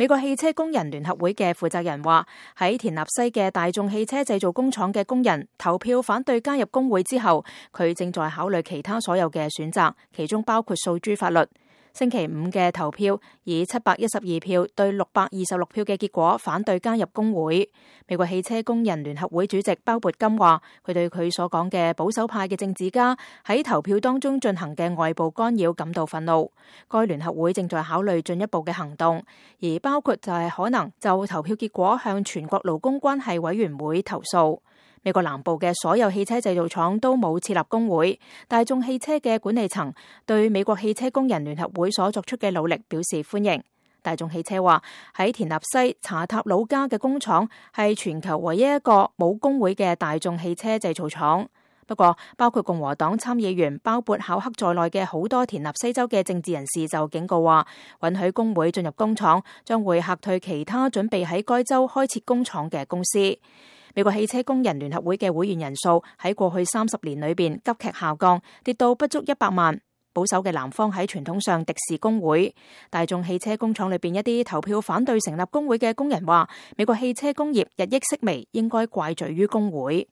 美國汽車工人聯合會嘅負責人話：喺田納西嘅大眾汽車製造工廠嘅工人投票反對加入工會之後，佢正在考慮其他所有嘅選擇，其中包括訴諸法律。星期五嘅投票以七百一十二票對六百二十六票嘅結果反對加入工會。美國汽車工人聯合會主席鮑勃金話，佢對佢所講嘅保守派嘅政治家喺投票當中進行嘅外部干擾感到憤怒。該聯合會正在考慮進一步嘅行動，而包括就係可能就投票結果向全國勞工關係委員會投訴。美國南部嘅所有汽車製造廠都冇設立工會。大眾汽車嘅管理層對美國汽車工人聯合會所作出嘅努力表示歡迎。大眾汽車話喺田納西查塔努加嘅工廠係全球唯一一個冇工會嘅大眾汽車製造廠。不過，包括共和黨參議員，包括考克在內嘅好多田納西州嘅政治人士就警告話，允許工會進入工廠，將會嚇退其他準備喺該州開設工廠嘅公司。美國汽車工人聯合會嘅會員人數喺過去三十年裏邊急劇下降，跌到不足一百萬。保守嘅南方喺傳統上敵視工會，大眾汽車工廠裏邊一啲投票反對成立工會嘅工人話，美國汽車工業日益式微，應該怪罪於工會。